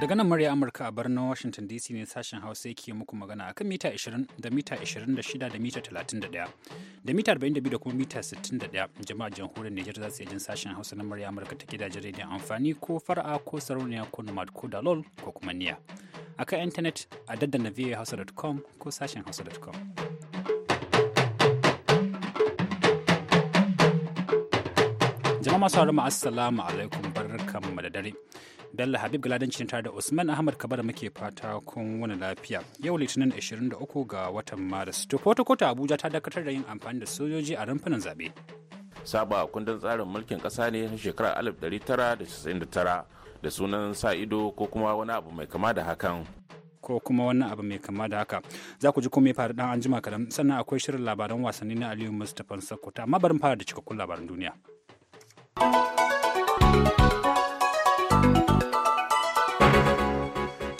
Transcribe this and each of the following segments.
Daga nan murya Amurka a birnin Washington DC ne sashen Hausa yake muku magana akan mita 20 da mita 26 da mita 31 da mita 42 da kuma mita 61 jama'a jamhuriyar Nijar za su jin sashen Hausa na murya Amurka ta gidajen rediyon amfani ko fara ko sarauniya ko nomad ko dalol ko kuma niya. A kan intanet a daddana voahausa.com ko sashen hausa.com. Jama'a masu haramu assalamu alaikum barkan mu da dare. Bello Habib Galadanci tare da Usman Ahmad kabar muke fata kun wani lafiya. Yau Litinin 23 ga watan Maris. To Kota Abuja ta dakatar da yin amfani da sojoji a rumfunan zabe. Saba kundin tsarin mulkin kasa ne na shekarar 1999 da sunan sa ido ko kuma wani abu mai kama da hakan. ko kuma wannan abu mai kama da haka za ku ji kuma ya faru dan anjima kadan sannan akwai shirin labaran wasanni na aliyu mustapha sakkwato amma barin fara da cikakkun labaran duniya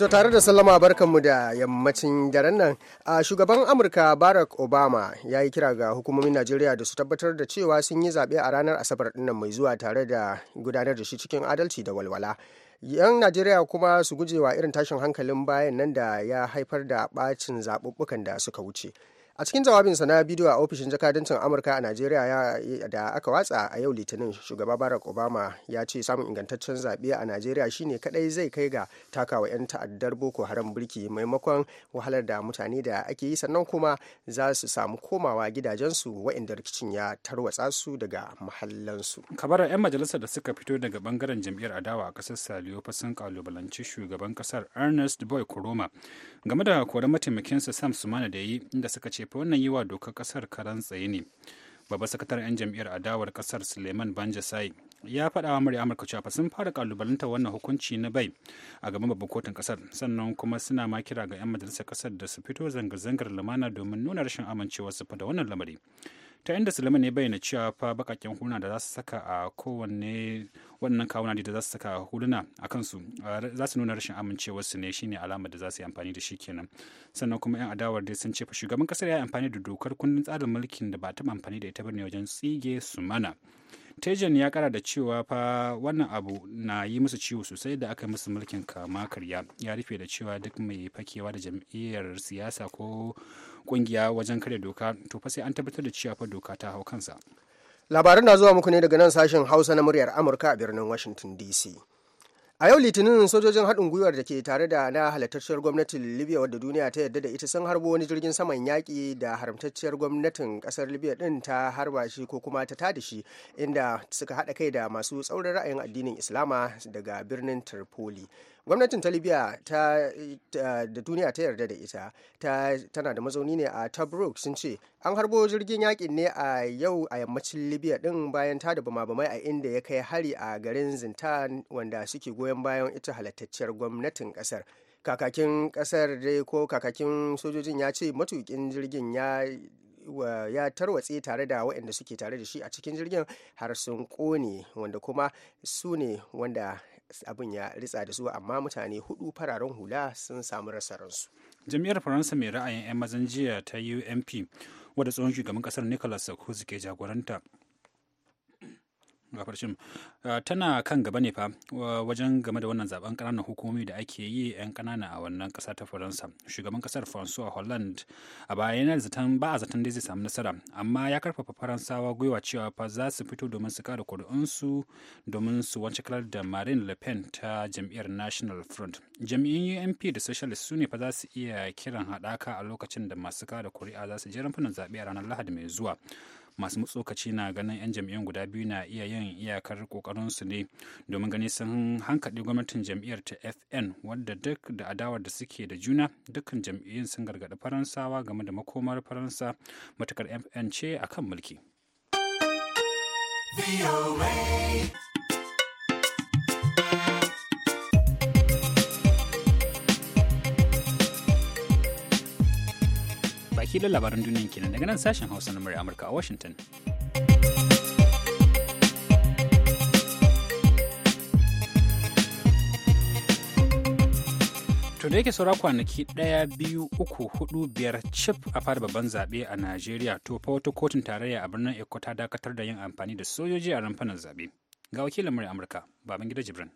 To tare da sallama barkanmu da yammacin daren nan, a shugaban Amurka Barack Obama ya yi kira ga hukumomin Najeriya da su tabbatar da cewa sun yi zaɓe a ranar Asabar dinnan mai zuwa tare da gudanar da shi cikin adalci da walwala. 'yan najeriya kuma su gujewa irin tashin hankalin bayan nan da ya haifar da bacin zaɓuɓɓukan da suka wuce a cikin jawabinsa na bidiyo a ofishin jakadancin amurka a najeriya da aka watsa a yau litinin shugaba barack obama ya ce samun ingantaccen zaɓe a najeriya shine kadai zai kai ga takawa 'yan ta'addar boko haram birki maimakon wahalar da mutane da ake yi sannan kuma za su samu komawa gidajensu wa'inda rikicin ya tarwatsa su daga mahallansu kabarar 'yan majalisar da suka fito daga bangaren jam'iyyar adawa a kasar saliyo sun kalubalanci shugaban kasar ernest boy kuroma game da koren mataimakinsa sam sumana da yi inda suka ce haifi wannan yiwa dokar kasar karan tsaye ne babban sakataren 'yan jam'iyyar adawar kasar suleiman banjasai ya faɗa wa murya amurka cewa sun fara kalubalanta wannan hukunci na bai a gaban babban kotun kasar sannan kuma suna ma kira ga 'yan majalisar kasar da su fito zanga-zangar lumana domin nuna rashin amincewa su da wannan lamari ta inda sulaiman ya bayyana cewa fa bakaken huluna da za su saka a kowanne wannan kawuna da za su saka huluna a kansu za su nuna rashin amincewar su ne shine alamar da za su yi amfani da shi kenan sannan kuma yan adawar dai sun ce fa shugaban kasar ya yi amfani da dokar kundin tsarin mulkin da ba ta amfani da ita ba ne wajen tsige su mana tejan ya kara da cewa fa wannan abu na yi musu ciwo sosai da aka musu mulkin kama karya ya rufe da cewa duk mai fakewa da jam'iyyar siyasa ko kungiya wajen karya doka to fa sai an tabbatar da cewa fa doka ta hau kansa labaran na zuwa muku ne daga nan sashen hausa na muryar amurka a birnin washington dc a yau litinin sojojin haɗin gwiwar da ke tare da na halittacciyar gwamnatin libya wadda duniya ta yadda da ita sun harbo wani jirgin saman yaƙi da haramtacciyar gwamnatin ƙasar libya ɗin ta harba shi ko kuma ta tada shi inda suka haɗa kai da masu tsaurin ra'ayin addinin islama daga birnin tripoli gwamnatin ta libya da duniya ta yarda da ita tana da mazauni ne a tobruk sun ce an harbo jirgin yakin ne a yau a yammacin libya din bayan ta da bama-bamai a inda ya kai hari a garin zinta wanda suke goyon bayan ita halattacciyar gwamnatin kasar kakakin kasar dai ko kakakin sojojin ya ce matukin jirgin ya ya tarwatse tare da waɗanda suke tare da shi a cikin jirgin har sun kone wanda kuma su ne wanda abin ya ritsa da su amma mutane hudu fararen hula sun samu rasa jami'ar faransa mai ra'ayin 'yan mazan jiya ta ump wadda tsohon shugaban kasar nicolas sarkozy ke jagoranta gafarshin ah, tana kan gaba ne fa wajen game da wannan zaben ƙananan hukumomi da ake yi 'yan kanana a wannan kasa ta faransa shugaban ƙasar francois holland a baya yana zaton ba a zaton dai zai samu nasara amma ya karfafa faransawa gwiwa cewa fa za su fito domin su kada kuri'unsu domin su wance kalar da marine le pen ta jam'iyyar national front jam'iyyun unp da socialist su ne fa za su iya kiran haɗaka a lokacin da masu kada kuri'a za su je rumfunan zaɓe a ranar lahadi mai zuwa masu matsokaci na ganin 'yan jam'iyyar guda biyu na iya yin iyakar kokarinsu ne domin gani sun hankali gwamnatin jam'iyyar ta fn wadda duk da adawar da suke da juna dukkan jam'iyyun sun gargaɗi faransawa game da makomar faransa matukar fn ce a kan mulki. baki da labaran duniya kenan daga nan sashen Hausa na murya Amurka a Washington. To da yake saura kwanaki ɗaya biyu uku hudu biyar cif a fara babban zaɓe a Najeriya to fa wata kotun tarayya a birnin Eko ta dakatar da yin amfani da sojoji a ranfanar zaɓe. Ga wakilin murya Amurka, Babangida Jibrin.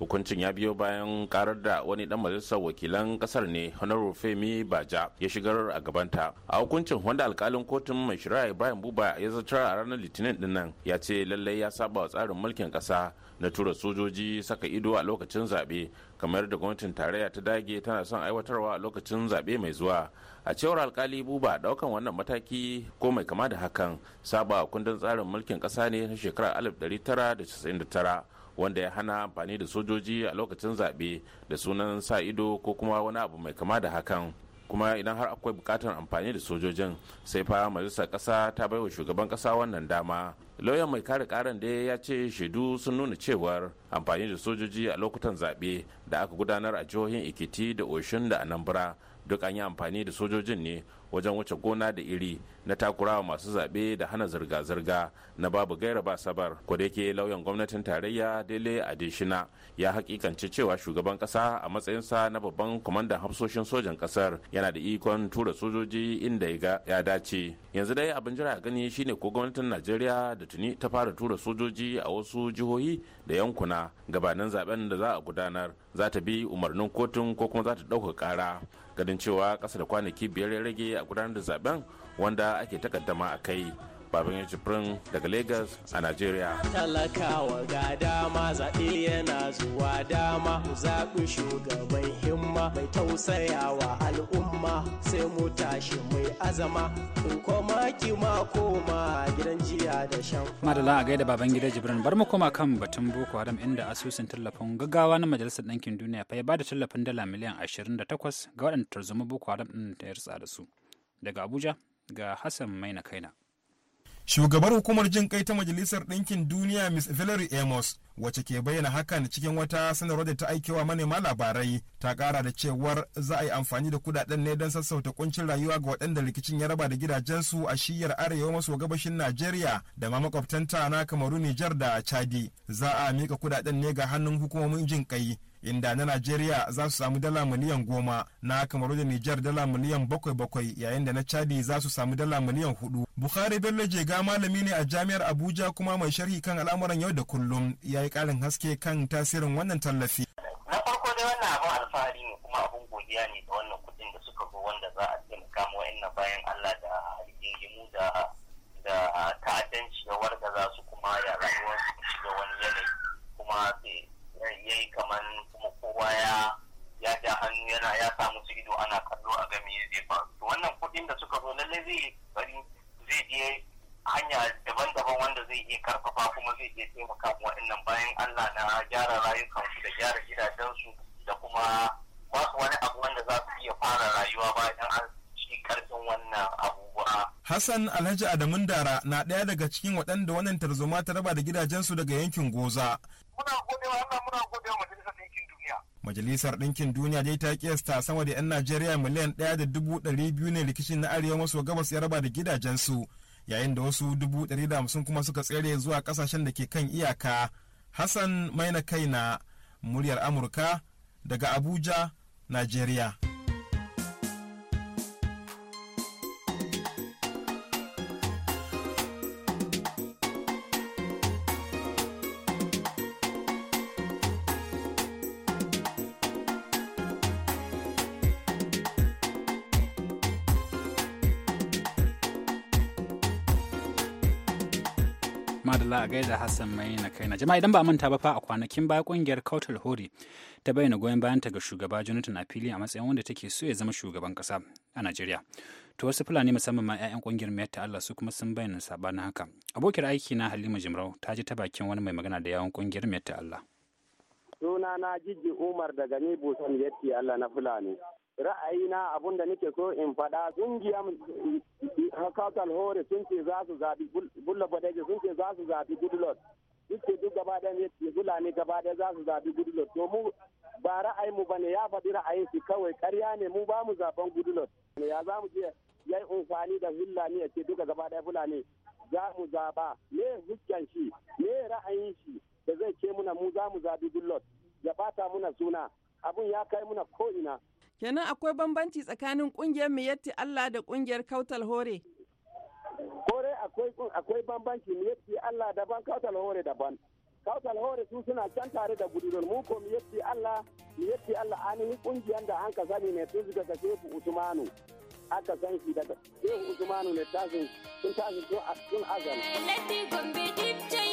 hukuncin ya biyo bayan karar da wani dan majalisar wakilan kasar ne honorable femi baja ya shigar a gabanta a hukuncin wanda alkalin kotun mai shari'a ibrahim buba ya zartar a ranar litinin din ya ce lallai ya saba wa tsarin mulkin kasa na tura sojoji saka ido a lokacin zaɓe kamar da gwamnatin tarayya ta dage tana son aiwatarwa a lokacin zaɓe mai zuwa a cewar alkali buba daukan wannan mataki ko mai kama da hakan saba kundin tsarin mulkin kasa ne na shekarar 1999 wanda ya hana amfani da sojoji a lokacin zaɓe da sunan sa ido ko kuma wani abu mai kama da hakan kuma idan har akwai bukatar amfani da sojojin sai fa majalisar kasa ta baiwa shugaban kasa wannan dama lauyan mai kare karan da ya ce shaidu sun nuna cewar amfani da sojoji a lokutan zaɓe da aka gudanar a jihohin ikiti da oshun da anambra duk an yi amfani da sojojin ne wajen wuce gona da iri na takurawa masu zaɓe da hana zirga-zirga na babu gaira ba sabar yake lauyan gwamnatin tarayya dele adeshina ya hakikanci cewa shugaban ƙasa a matsayinsa na babban kwamandan hafsoshin sojan ƙasar yana da ikon tura sojoji inda ya dace yanzu dai abin jira gani shine ko gwamnatin najeriya da tuni ta fara tura sojoji a wasu jihohi da yankuna gabanin zaben da za a gudanar za ta bi umarnin kotun ko kuma za ta ɗauka ƙara ganin cewa ƙasa da kwanaki biyar ya rage a gudanar da zaben wanda ake takaddama a kai baban jibrin daga lagos a nigeria talakawa ga dama zaɓe yana zuwa dama ku zaɓi shugaban himma mai tausayawa al'umma sai mu tashi mai azama in koma ma koma gidan jiya da shan madala a gaida baban gida jibrin bar mu koma kan batun boko haram inda asusun tallafin gaggawa na majalisar ɗinkin duniya fa ya ba da tallafin dala miliyan 28 ga waɗanda tarzoma boko haram ɗin da yarsa da su daga abuja ga hassan maina kaina Shugabar hukumar jin kai ta Majalisar Ɗinkin Duniya miss Valerie Amos wacce ke bayyana hakan cikin wata sanarwar da ta aikewa manema labarai ta kara da cewar za a yi amfani da kudaden ne don sassauta kuncin rayuwa ga waɗanda rikicin ya raba da gidajensu a shiyar arewa maso gabashin Najeriya da ma makwabtanta na Kamaru Nijar da Chadi za a mika kudaden ne ga hannun hukumomin jin kai inda na Najeriya za su samu dala miliyan goma na Kamaru da Nijar dala miliyan bakwai bakwai yayin da na Chadi za su samu dala miliyan hudu. Bukhari Bello Jega malami ne a Jami'ar Abuja kuma mai sharhi kan al'amuran yau da kullum ya yi karin haske kan tasirin wannan tallafi. Na farko dai wannan abin alfahari ne kuma abin godiya ne da wannan kudin da suka zo wanda za a taimaka ma wa'annan bayan Allah da rigingimu da da ta'addanci da za su kuma ya su shiga wani yanayi kuma sai ya yi kamar kuma kowa ya ya ja hannu yana ya sa musu ido ana kallo a game zai faru to wannan kuɗin da suka zo lallai zai bari zai je hanya daban-daban wanda zai iya karfafa kuma zai iya taimaka waɗannan bayan Allah na gyara rayukansu da gyara gidajensu da kuma ba su wani abu wanda za su iya fara rayuwa bayan an ci karfin wannan abubuwa. Hassan Alhaji Adamun Dara na ɗaya daga cikin waɗanda wannan tarzoma ta raba da gidajensu daga yankin Goza. muna majalisar ɗinkin duniya. Majalisar dai ta kiyasta sama da 'yan Najeriya miliyan ɗaya da dubu ɗari biyu ne rikicin na arewa maso gabas ya raba da gidajensu yayin da wasu dubu kuma suka tsere zuwa ƙasashen da ke kan iyaka. Hassan Maina Kaina, muryar Amurka daga Abuja, Najeriya. gaida Hassan mai na kaina. Jama'a idan ba manta ba fa a kwanakin baya kungiyar Kautal Hori ta bayyana goyon bayan ta ga shugaba Jonathan fili a matsayin wanda take so ya zama shugaban kasa a Najeriya. To wasu Fulani musamman ma 'ya'yan kungiyar Mayar ta Allah su kuma sun bayyana sabanin haka. Abokiyar aiki na Halima Jimrau ta ji ta bakin wani mai magana da yawon kungiyar Mayar ta Allah. Suna na Jijji Umar daga ni San Yatti Allah na Fulani. ra'ayina abun da nake so in faɗa zungiya hakatal hore sun ce za su zaɓi bulla badeji sun ce za su zaɓi gudulot duk ce duk gaba ɗaya ne fulani gaba ɗaya za su zaɓi gudulot to mu ba ra'ayi mu bane ya faɗi ra'ayin shi kawai ƙarya ne mu ba mu zaɓen gudulot ya za mu je ya yi amfani da fulani ya ce duka gaba ɗaya fulani za mu zaɓa me huskan shi me ra'ayin shi da zai ce muna mu za mu zaɓi gudulot ya ɓata muna suna abun ya kai muna ko ina Kenan akwai bambanci tsakanin kungiyar Miyatti Allah da kungiyar Kautal Hore? Hore akwai akwai bambanci Miyatti Allah daban Kautal Hore daban. Kautal Hore su suna can tare da Gudurun mu ko Miyatti Allah Miyatti Allah ainihin kungiyar da an ka sani ne sun suka kashe Usmanu. aka san shi daga Shehu Usmanu ne tashin sun tashin sun azan. Lati Gombe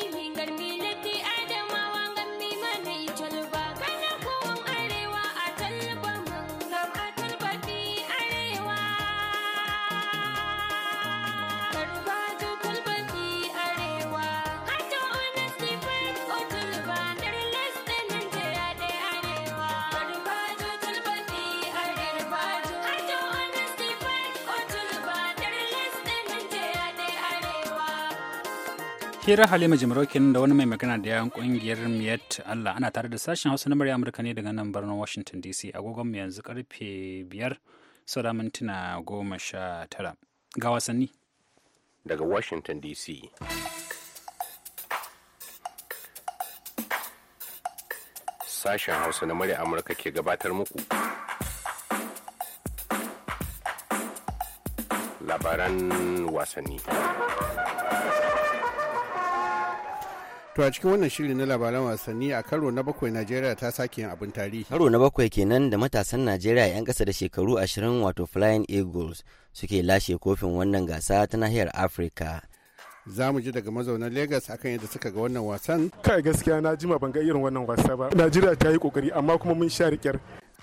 Kira Halima Jimarau kenan da wani mai magana da yawan kungiyar Miyat Allah ana tare da sashen Hausa na murya Amurka ne daga nan birnin Washington DC agogon mu yanzu karfe biyar saura mintuna goma sha tara. Ga wasanni. Daga Washington DC. Sashen Hausa na murya Amurka ke gabatar muku. Labaran wasanni. To a cikin wannan shiri na labaran wasanni a karo na bakwai Najeriya ta sake yin abin tarihi. Karo na bakwai kenan da matasan Najeriya 'yan kasa da shekaru ashirin wato Flying Eagles suke lashe kofin wannan gasa ta nahiyar Afrika. Za mu ji daga mazaunan Legas akan yadda suka ga wannan wasan. Kai gaskiya na jima ban ga irin wannan wasa ba. Najeriya ta yi kokari amma kuma mun sha riƙyar.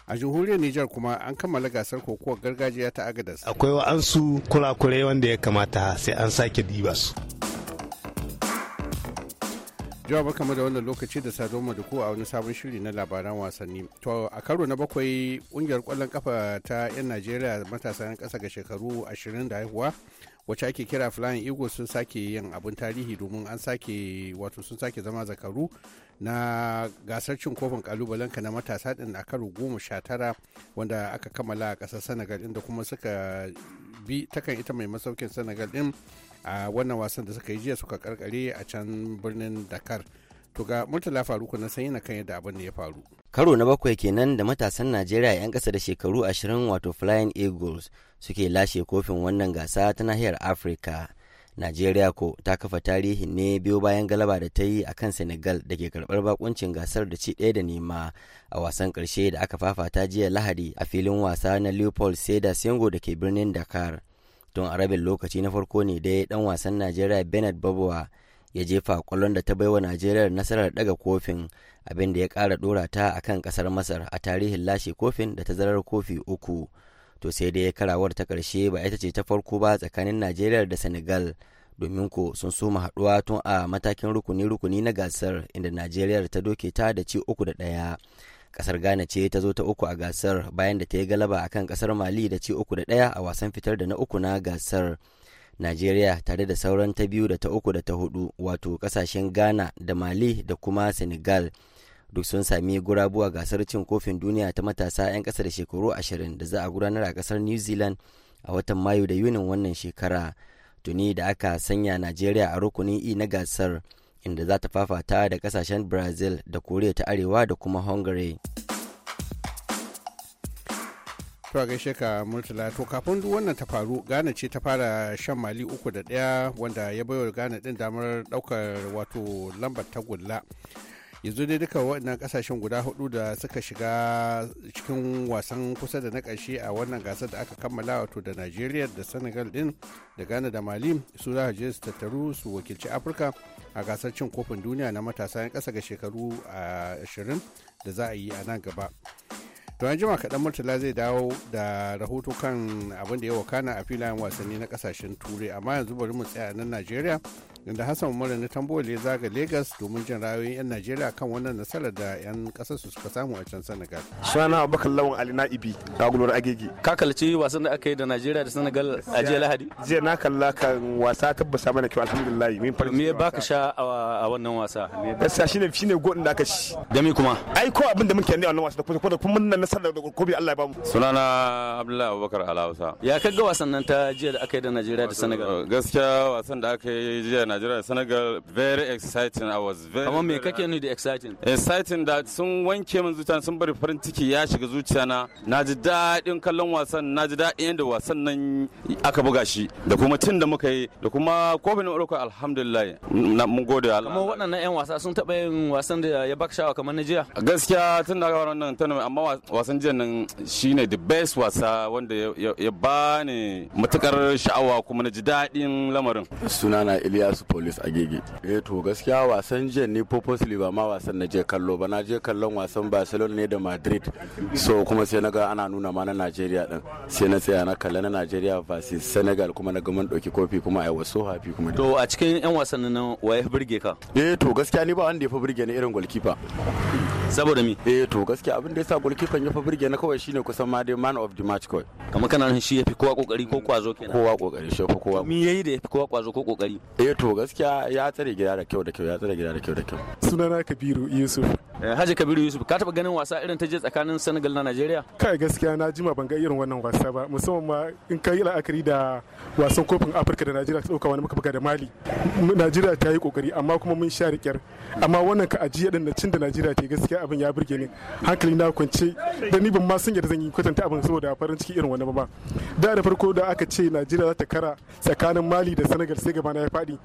a jamhuriyar Nijar kuma an kammala gasar kokowar gargajiya ta Agadas. Akwai wa'ansu kurakurai wanda ya kamata sai an sake diba su. jawa kamar da wannan lokaci da sadoma da ku a wani sabon shiri na labaran wasanni to a karo na bakwai kungiyar kwallon kafa ta yan najeriya matasa yan kasa ga shekaru 20 da haihuwa wacce ake kira flying eagles sun sake yin abin tarihi domin an sake wato sun sake zama zakaru na gasar cin kofin kalubalenka na matasa din a karo goma sha tara wanda aka kammala a kasar senegal inda kuma suka bi takan ita mai masaukin senegal din a wannan wasan da suka yi jiya suka karkare a can birnin dakar to ga murtala faruku na sanyi na kan yadda abin da ya faru karo na bakwai kenan da matasan najeriya 'yan ƙasa da shekaru ashirin wato flying eagles suke lashe kofin wannan gasa ta nahiyar afirka najeriya ko ta kafa tarihi ne biyu bayan galaba da ta yi a kan senegal da ke karbar bakuncin gasar da ci ɗaya da nema a wasan ƙarshe da aka fafata jiya lahadi a filin wasa na leopold seda sengo da ke birnin dakar Don a rabin lokaci na farko ne dai dan wasan najeriya Bennett babuwa ya jefa kwallon da ta baiwa najeriya nasarar daga kofin abin da ya kara dora ta a kan kasar masar a tarihin lashe kofin da tazarar kofi uku to sai dai karawar ta karshe ba ita ce ta farko ba tsakanin najeriya da senegal domin ko sun soma haduwa tun a matakin rukuni-rukuni na gasar inda najeriya ta doke ta da ci uku da ɗaya kasar ghana ce ta zo ta uku a gasar bayan da ta yi galaba a kan kasar mali da ci uku da daya a wasan fitar da na uku na gasar nigeria tare da sauran ta biyu da ta uku da ta hudu wato kasashen ghana da mali da kuma senegal duk sun sami gurabu a gasar cin kofin duniya ta matasa 'yan kasa da shekaru ashirin da za a gudanar a kasar new zealand a watan mayu da yunin wannan shekara tuni da aka sanya nigeria a rukunin e na gasar inda za ta fafata da kasashen brazil da koriya ta arewa da kuma hungary to a gaishe ka murtala to kafin duk wannan ta faru ghana ce ta fara shan mali uku da daya wanda ya baiwa ghana din damar daukar wato lambar tagulla yanzu dai duka wannan kasashen guda hudu da suka shiga cikin wasan kusa da na ƙarshe a wannan gasar da aka kammala wato da nigeria da senegal din da ghana da mali su za je su tattaru su wakilci afirka a gasar cin kofin duniya na matasa 'yan kasa ga shekaru 20 da za a yi a nan gaba to an jima kaɗan murtala zai dawo da rahoto kan abin da ya wakana a filayen wasanni na kasashen turai amma yanzu bari mu tsaya nan najeriya Yanda Hassan Umaru na Tambole zaga Legas domin jin ra'ayoyin 'yan Najeriya kan wannan nasarar da 'yan kasar su suka samu a can Senegal. suna abokan Lawan Ali Na'ibi a Agege. Ka kalci wasan da aka yi da Najeriya da Senegal a jiya Lahadi? Jiya na kalla kan wasa tabbasa mana kyau alhamdulillah. Me baka sha a wannan wasa? Gaskiya shine shine godin da aka shi Da me kuma? Ai ko abin da muke ne a wannan wasa da kuma da kuma nan nasarar da kobi Allah ya bamu. Sunana Abdullahi Abubakar Alhausa. Ya kaga wasan nan ta jiya da aka yi da Najeriya da Senegal? Gaskiya wasan da aka yi jiya Nigeria Senegal very exciting. I was very. Amma me kake ni da exciting? Exciting da sun wanke min zuciya sun bari farin ciki ya shiga zuciya na. Na ji daɗin kallon wasan, na ji daɗin yadda wasan nan aka buga shi da kuma cin da muka yi da kuma kofin Morocco alhamdulillah. Mun gode Allah. Amma waɗannan 'yan wasa sun taɓa yin wasan da ya baka shawa kamar na jiya? Gaskiya tun da wannan tana amma wasan jiya nan shine the best wasa wanda ya bani matukar sha'awa kuma na ji daɗin lamarin. Sunana Ilyas yusuf police a gege eh to gaskiya wasan jiya ne purposely ba ma wasan na je kallo ba na je kallon wasan barcelona ne da madrid so kuma sai na ga ana nuna ma na nigeria din sai na tsaya na kalla na nigeria versus senegal kuma na ga mun dauki kofi kuma i wasu hafi happy kuma to a cikin yan wasannin nan waye burge ka eh to gaskiya ni ba wanda ya fi burge ni irin goalkeeper saboda mi eh to gaskiya abin da yasa goalkeeper ya fi burge na kawai shine kusan ma dai man of the match kawai kamar kana shi yafi kowa kokari ko kwazo kenan kowa kokari shi kowa me yayi da yafi kowa kwazo ko kokari eh to gaskiya ya tsare gida da kyau da kyau ya tsare gida da kyau da kyau sunana kabiru yusuf Eh, Haji Kabiru Yusuf ka taba ganin wasa irin ta je tsakanin Senegal na Najeriya? Kai gaskiya na jima ban ga irin wannan wasa ba musamman ma in ka yi la'akari da wasan kofin Afirka da Najeriya ta dauka wani muka buga da Mali. Najeriya ta yi kokari amma kuma mun sha riƙyar amma wannan ka ajiya din cin da Najeriya ta gaskiya abin ya burge ni hankali na kwance da ni ban ma san yadda zan yi kwatanta abin saboda farin ciki irin wannan ba. Da da farko da aka ce Najeriya za ta kara tsakanin Mali da Senegal sai gaba na ya faɗi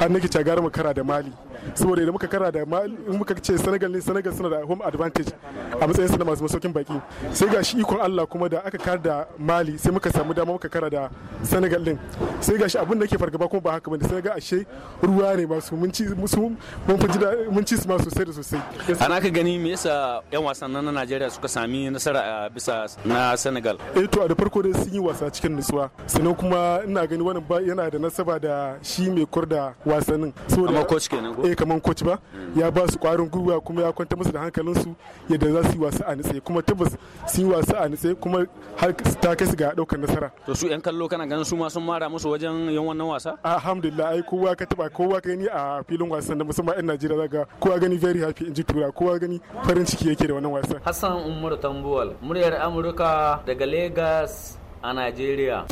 har nake ta gara mu kara da Mali saboda idan muka kara da Mali muka ce Senegal ne Senegal suna da home advantage a matsayin su na masu masaukin baki sai ga shi ikon Allah kuma da aka kar da Mali sai muka samu dama muka kara da Senegal din sai ga shi abin da ke fargaba kuma ba haka bane Senegal ashe ruwa ne masu mun ci musu mun fi mun ci su ma sosai da sosai ana ka gani me yasa yan wasan nan na Najeriya suka sami nasara a bisa na Senegal eh to a da farko dai sun yi wasa cikin nutsuwa sannan kuma ina gani wannan ba yana da nasaba da shi mai kurda wasannin saboda amma coach kenan eh kaman coach ba ya ba su kwarin gwiwa kuma ya kwanta musu da hankalinsu yadda za su yi wasu a nitse kuma tabbas su yi wasu a nitse kuma har ta kai su ga daukar nasara to su yan kallo kana ganin su ma sun mara musu wajen yin wannan wasa alhamdulillah ai kowa ka taba kowa ka gani a filin wasan da musamman yan Najeriya zaka kowa gani very happy in ji tura kowa gani farin ciki yake da wannan wasan Hassan Umar Tambuwal muryar Amurka daga Lagos a Najeriya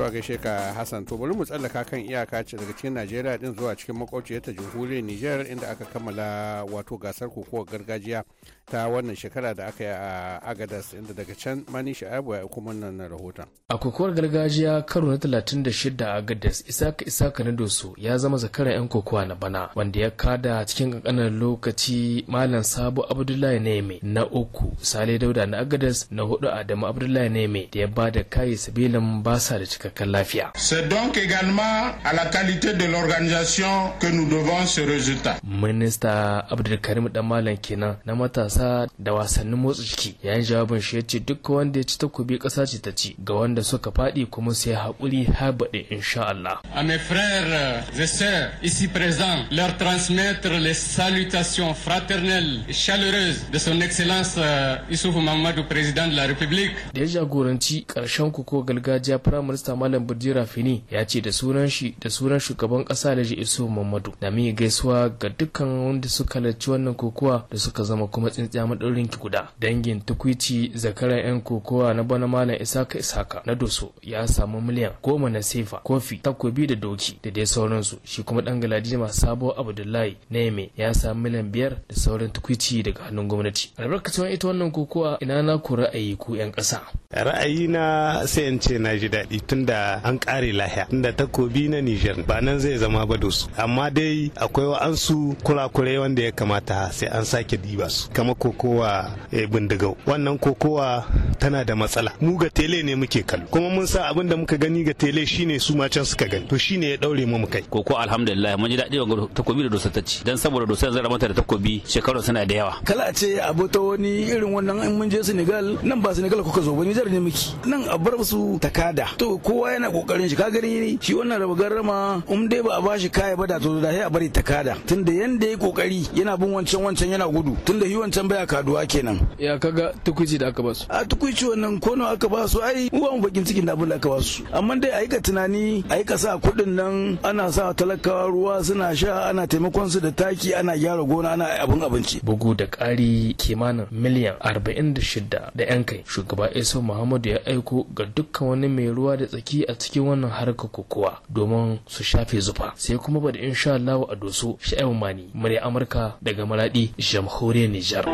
To a gaishe ka Hassan to bari mu tsallaka kan iyaka ce daga cikin Najeriya din zuwa cikin makwabciyar ta jamhuriyar Nijar inda aka kammala wato gasar kokowar gargajiya ta wannan shekara da aka yi a agadas inda daga can mani sha'abu ya kuma nan rahoton a kokowar gargajiya karo na 36 a agadas isaka isaka na doso ya zama zakaran yan kokowa na bana wanda ya kada cikin kankanin lokaci malam sabu abdullahi neme na uku sale dauda na agadas na hudu adamu abdullahi neme da ya ba da kayi sabilin basa da cikakken lafiya c'est donc également à la qualité de l'organisation que nous devons ce résultat minista abdulkarim dan malam kenan na matasa ƙasa da wasannin motsa jiki yayin jawabin shi ya ce duk wanda ya ci takobi ƙasa ce ta ci ga wanda suka faɗi kuma sai haƙuri habaɗe insha Allah. A mes frères et sœurs ici présents leur transmettre les salutations fraternelles et chaleureuses de son excellence euh, Issoufou Mamadou président de la République. Da ya jagoranci ƙarshen kuko gargajiya Prime Minister Malam Birjira Fini ya ce da sunan shi da sunan shugaban ƙasa Alhaji Issoufou Mamadou da mai gaisuwa ga dukkan wanda suka halarci wannan kokowa da suka zama kuma tsin tsintsiya madaurin ki guda dangin tukwici zakaran yan kokowa na bana malam isaka isaka na doso ya samu miliyan goma na sefa kofi takobi da doki da dai sauransu shi kuma dan masu sabo abdullahi na yame ya samu miliyan biyar da sauran tukwici daga hannun gwamnati albarkacin ita wannan kokowa ina na ku ra'ayi ku yan ƙasa ra'ayi na sai in ce na ji daɗi tunda an ƙare lahiya tunda takobi na nijar ba nan zai zama ba doso amma dai akwai wa'ansu kurakurai wanda ya kamata sai an sake diba su kamar zama kokowa eh, bindigau wannan kokowa tana da matsala mu ga tele ne muke kallo kuma mun sa abin da muka gani ga tele shine su ma can suka gani to shine ya daure mu kai koko alhamdulillah mun ji dadi wa takobi da dosa ta dan saboda dosa zan mata da takobi shekaru suna da yawa kala ce ta wani irin wannan in mun je Senegal nan ba Senegal kuka zo ba Niger ne miki nan a bar su takada to kowa yana kokarin shi ka gani shi wannan raba rama um dai ba a bashi kaya ba da to da sai a bari takada tunda yanda yayi kokari yana bin wancan wancan yana gudu tunda hi wancan can baya kaduwa kenan ya kaga tukuci da aka basu a tukuci wannan kono aka basu ai uwan bakin cikin da aka basu amma dai aika tunani aika sa kuɗin nan ana sa talakawa ruwa suna sha ana taimakon su da taki ana gyara gona ana abin abinci bugu da ƙari kimanin miliyan arba'in da shida 'yan kai shugaba iso muhammadu ya aiko ga dukkan wani mai ruwa da tsaki a cikin wannan harkar kokowa domin su shafe zufa sai kuma bada insha Allah a doso sha'ibu mani murya amurka daga maradi jamhuriyar nijar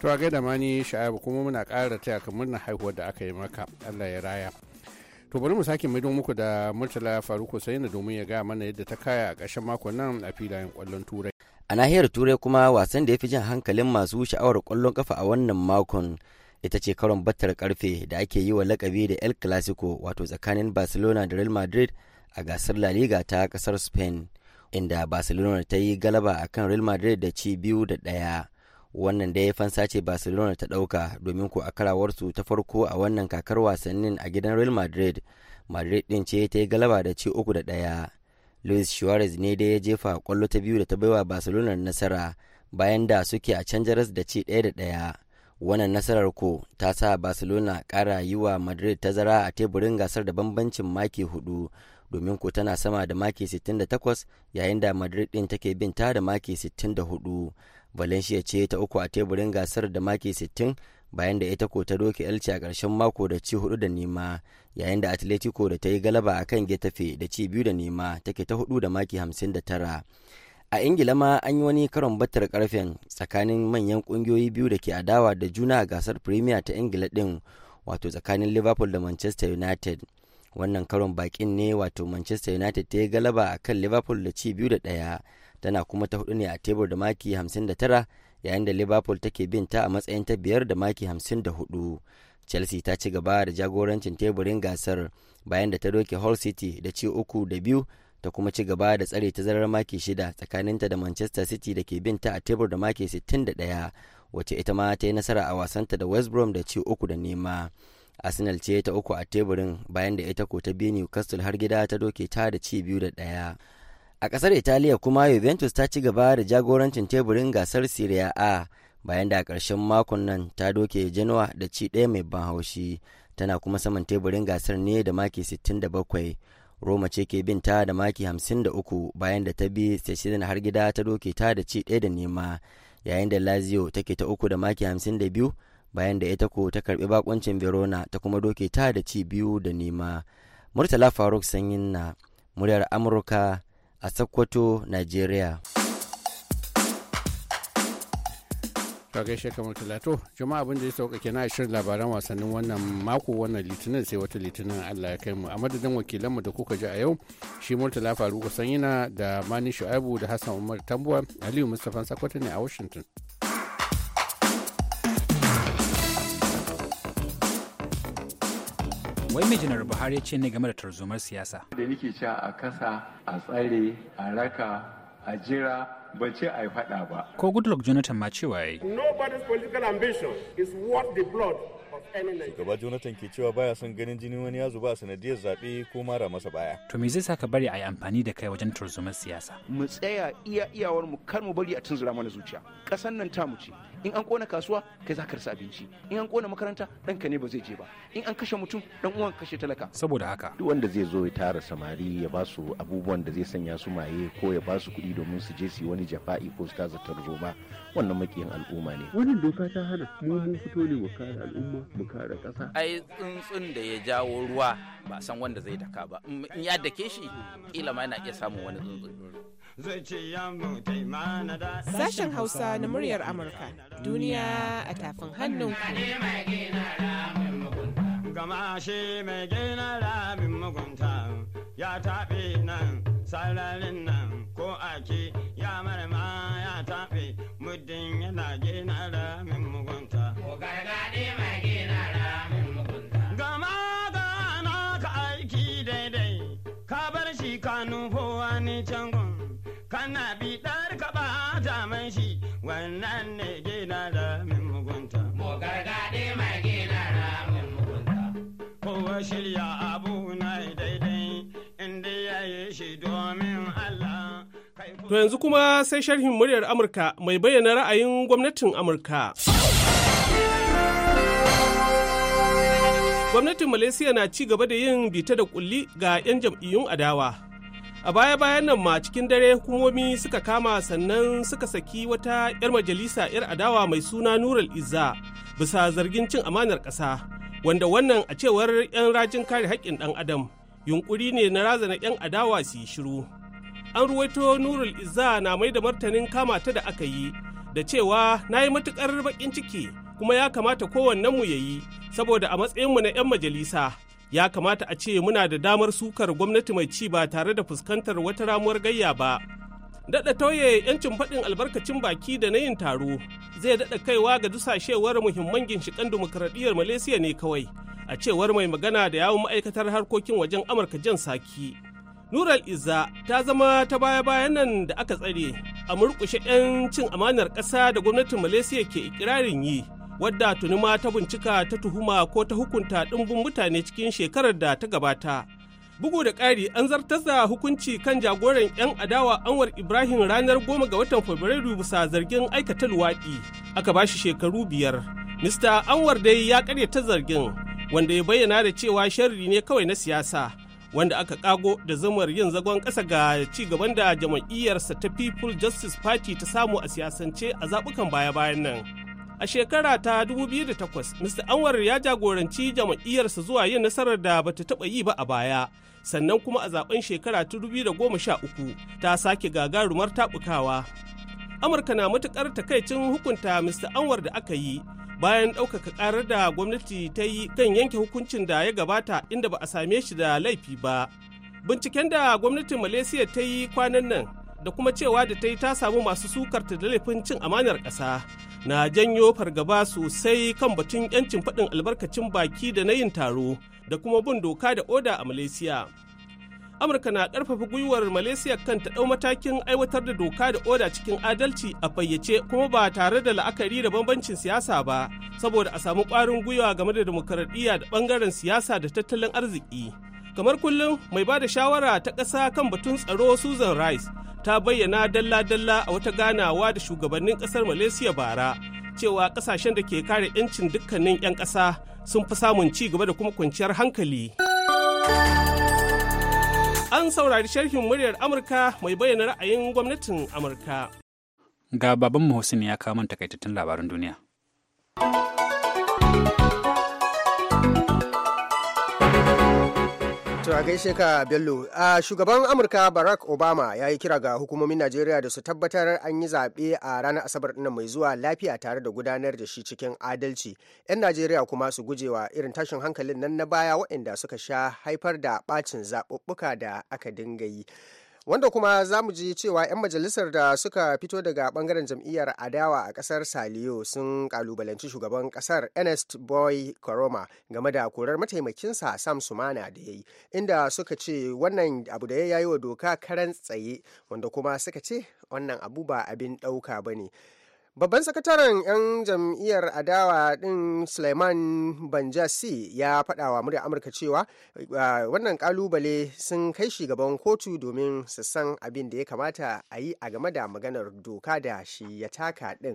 to ga da mani sha'abu kuma muna ƙara taya ka murnar haihuwar da aka yi maka allah ya raya to bari mu sake maido muku da murtala faruku sai na domin ya gaya mana yadda ta kaya a ƙarshen makon nan a filayen ƙwallon turai a nahiyar turai kuma wasan da ya fi jan hankalin masu sha'awar ƙwallon kafa a wannan makon ita ce karon battar karfe da ake yi wa lakabi da el clasico wato tsakanin barcelona da real madrid a gasar La Liga ta kasar Spain inda Barcelona ta yi galaba a kan Real Madrid da ci biyu da ɗaya. Wannan da ya fansa ce Barcelona ta ɗauka domin ko a karawarsu ta farko a wannan kakar wasannin a gidan Real Madrid. Madrid ɗin ce ta yi galaba da ci uku da ɗaya. Luis Suarez ne da ya jefa kwallo ta biyu da ta baiwa Barcelona nasara bayan da suke a can jaras da ci ɗaya da ɗaya. Wannan nasarar ko ta sa Barcelona ƙara yi wa Madrid tazara a teburin gasar da bambancin maki hudu. domin ko tana sama da maki 68 yayin da madrid din take bin ta da maki 64 valencia ce ta uku a teburin gasar da maki 60 bayan da ita ko ta doke elci a ƙarshen mako da ci hudu da nema yayin da atletico da ta yi galaba a kan getafe da ci biyu da nema take ta hudu da maki 59 a ingila ma an yi wani karon batar karfen tsakanin manyan kungiyoyi biyu da ke adawa da juna a gasar premier ta ingila din wato tsakanin liverpool da manchester united wannan karon bakin ne wato manchester united ta yi galaba a kan liverpool da ci biyu da daya tana kuma ta hudu ne a tebur da maki 59 yayin da liverpool take bin ta a matsayin ta biyar da maki 54 chelsea ta ci gaba da jagorancin teburin gasar bayan da ta doke hull city da ci uku da biyu ta kuma ci gaba da tsare ta zarar maki shida tsakaninta da manchester city da ke bin ta a tebur da maki 61 wace ita ma ta yi nasara a wasanta da west brom da ci uku da nema arsenal ce ta uku a teburin bayan da ita ko ta biyu newcastle har gida ta doke ta da ci biyu da ɗaya a ƙasar italiya kuma juventus ta ci gaba da jagorancin teburin gasar serie a bayan da a ƙarshen makon nan ta doke genoa da ci ɗaya mai ban haushi tana kuma saman teburin gasar ne da maki 67 roma ce ke bin ta da maki 53 bayan da ta bi sashirin har gida ta doke ta da ci ɗaya da nema yayin da lazio take ta uku da maki 52 bayan da ita ko ta karbi bakuncin verona ta kuma doke ta da ci biyu da nema murtala faruk sanyin na muryar amurka a sokoto nigeria ka gaishe kamar talato jama'a abin da ya sauka kenan shirin labaran wasannin wannan mako wannan litinin sai wata litinin allah ya kai mu a madadin wakilanmu da kuka ji a yau shi murtala faruk sanyina da mani shu'aibu da hassan umar tambuwa aliyu mustapha sakwato ne a washington wai mai janar buhari ya ce ne game da tarzomar siyasa da nike cewa a kasa a tsare a raka a jira ba ce a yi faɗa ba ko goodluck jonathan ma cewa yayi nobody's political ambition is worth the blood Shugaba Jonathan ke cewa baya son ganin jinin wani ya zuba sanadiyar zaɓe ko mara masa baya. To me zai saka bari a yi amfani da kai wajen turzumar siyasa? Mu tsaya iya iyawar mu kar mu bari a tunzura mana zuciya. Ƙasar nan ta mu ce. In an kona kasuwa kai za ka rasa abinci. In an kona makaranta ɗanka ne ba zai je ba. In an kashe mutum ɗan uwan kashe talaka. Saboda haka. Duk wanda zai zo ya tara samari ya ba su abubuwan da zai sanya su maye ko ya ba su kuɗi domin su je su yi wani jafa'i ko su taza tarzoma wannan makiyin al'umma ne. Wannan doka ta hana mu mun fito ne mu kare al'umma buka da ƙasa. Ai tsuntsun da ya jawo ruwa ba san wanda zai daka ba. In ya dake shi kila ma yana iya samun wani tsuntsun. Sashen Hausa na muryar Amurka duniya a tafin hannun ku. Gama shi mai gina ramin mugunta ya taɓe nan sararin nan ko ake ya ma ya taɓe muddin yana gina ramin mugunta. Ko mai kanu fowa ni cangon kana bi ka ba zaman shi wannan ne gina da min mugunta. Mo gargade mai gina da min mugunta. Kowa shirya abu na daidai inda ya yi shi domin Allah. To yanzu kuma sai sharhin muryar Amurka mai bayyana ra'ayin gwamnatin Amurka. Gwamnatin Malaysia na ci gaba da yin bita da kulli ga 'yan jam'iyyun adawa. A baya-bayan nan ma cikin dare hukumomi suka kama sannan suka saki wata 'yar majalisa 'yar adawa mai suna nural Izza bisa zargin cin amanar ƙasa, wanda wannan a cewar 'yan rajin kare haƙƙin ɗan adam yunƙuri ne na razana 'yan adawa su yi shiru. An ruwaito nural Izza na mai da martanin kama ta da aka yi da cewa na yi matuƙar baƙin ciki kuma ya kamata kowannenmu ya yi saboda a matsayinmu na 'yan majalisa ya kamata a ce muna da damar sukar gwamnati mai ci ba tare da fuskantar wata ramuwar gayya ba daɗa tauye 'yancin faɗin albarkacin baki da na yin taro zai daɗa kaiwa ga dusashewar muhimman ginshiƙan dimokuraɗiyyar malaysia ne kawai a cewar mai magana da yawun ma'aikatar harkokin wajen amurka jan saki nural izza ta zama ta baya-bayan nan da aka tsare a murƙushe 'yancin amanar ƙasa da gwamnatin malaysia ke ikirarin yi wadda tuni ma ta bincika ta tuhuma ko ta hukunta ɗumbin mutane cikin shekarar da ta gabata. Bugu da ƙari an zartar da hukunci kan jagoran 'yan adawa Anwar Ibrahim ranar goma ga watan Fabrairu bisa zargin aikata luwaɗi. Aka ba shi shekaru biyar. Mr Anwar dai ya ta zargin wanda ya bayyana da cewa sharri ne kawai na siyasa wanda aka ƙago da zamar yin zagon ƙasa ga ci gaban da jama'iyyarsa ta People Justice Party ta samu a siyasance a zaɓukan baya-bayan nan. A shekara ta 2008, Mr. Anwar ya jagoranci jam'iyyarsa zuwa yin nasarar da bata taɓa yi ba a baya, sannan kuma a zaben shekara ta 2013 ta sake gagarumar taɓukawa. Amurka na matuƙar takaicin hukunta Mr. Anwar da aka yi bayan ɗaukaka ƙarar da gwamnati ta yi kan yanke hukuncin da ya gabata inda ba a same shi da laifi ba. Binciken da gwamnatin Malaysia ta yi kwanan nan da kuma cewa da ta yi ta samu masu sukarta da laifin cin amanar ƙasa na janyo fargaba sosai kan batun 'yancin faɗin albarkacin baki da na yin taro da kuma bin doka da oda a malaysia amurka na ƙarfafa gwiwar malaysia kan ta ɗau matakin aiwatar da doka da oda cikin adalci a fayyace kuma ba tare da la'akari da bambancin siyasa ba saboda a samu ƙwarin gwiwa game da demokaradiyya da bangaren siyasa da tattalin arziki kamar kullum mai ba da shawara ta ƙasa kan batun tsaro susan rice ta bayyana dalla-dalla a wata ganawa da shugabannin ƙasar malaysia bara cewa ƙasashen da ke kare 'yancin dukkanin 'yan ƙasa sun fi samun ci gaba da kuma kwanciyar hankali an saurari sharhin muryar amurka mai bayyana ra'ayin gwamnatin amurka ga baban Muhsin ya kawo man takaitattun labaran duniya To a Bello. A shugaban Amurka Barack Obama ya yi kira ga hukumomin Najeriya da su tabbatar an yi zaɓe a ranar Asabar ɗin mai zuwa lafiya tare da gudanar da shi cikin adalci. 'Yan Najeriya kuma su gujewa irin tashin hankalin nan na baya waɗanda suka sha haifar da ɓacin zaɓuɓɓuka da aka dinga yi. wanda kuma za mu ji cewa 'yan majalisar da suka fito daga bangaren jam'iyyar adawa a kasar saliyo sun kalubalanci shugaban kasar ernest boy koroma game da korar mataimakinsa sam sumana da ya yi inda suka ce wannan abu da ya yayi wa doka karan tsaye wanda kuma suka ce wannan abu ba abin ɗauka ba ne Babban sakataren 'yan jam'iyyar adawa ɗin Suleiman Banjasi ya faɗa wa murya Amurka cewa wannan ƙalubale sun kai shi gaban kotu domin su san abin da ya kamata a yi a game da maganar doka da shi ya taka ɗin.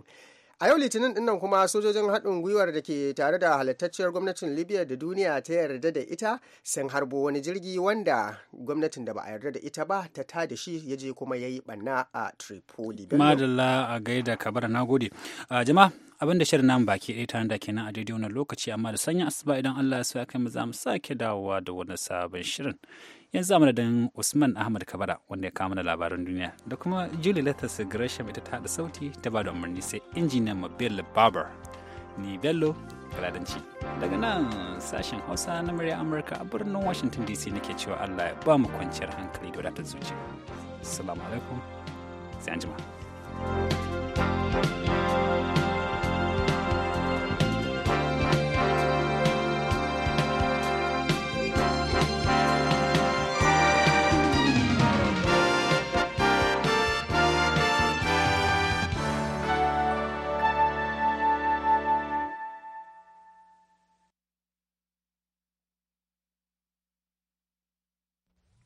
a yau litinin dinnan kuma sojojin haɗin gwiwar da ke tare da halittacciyar gwamnatin libya da duniya ta yarda da ita sun harbo wani jirgi wanda gwamnatin da ba a yarda da ita ba ta ta da shi ya je kuma ya yi ɓanna a tripoli madalla a gaida kabar na gode a jama'a abin da shirin nan baki ɗaya tare da kenan a daidai wannan lokaci amma da sanya asuba idan allah ya sa kai mu za mu sake dawowa da wani sabon shirin yanzu a madadin usman ahmad kabara wanda ya kama da labaran duniya da kuma julie letters gresham ita ta haɗa sauti ta ba da umarni sai injiniyan mabel barber ni bello kaladanci daga nan sashen hausa na murya amurka a birnin washington dc nake cewa allah ya ba mu kwanciyar hankali da wadatar zuciya assalamu alaikum sai anjima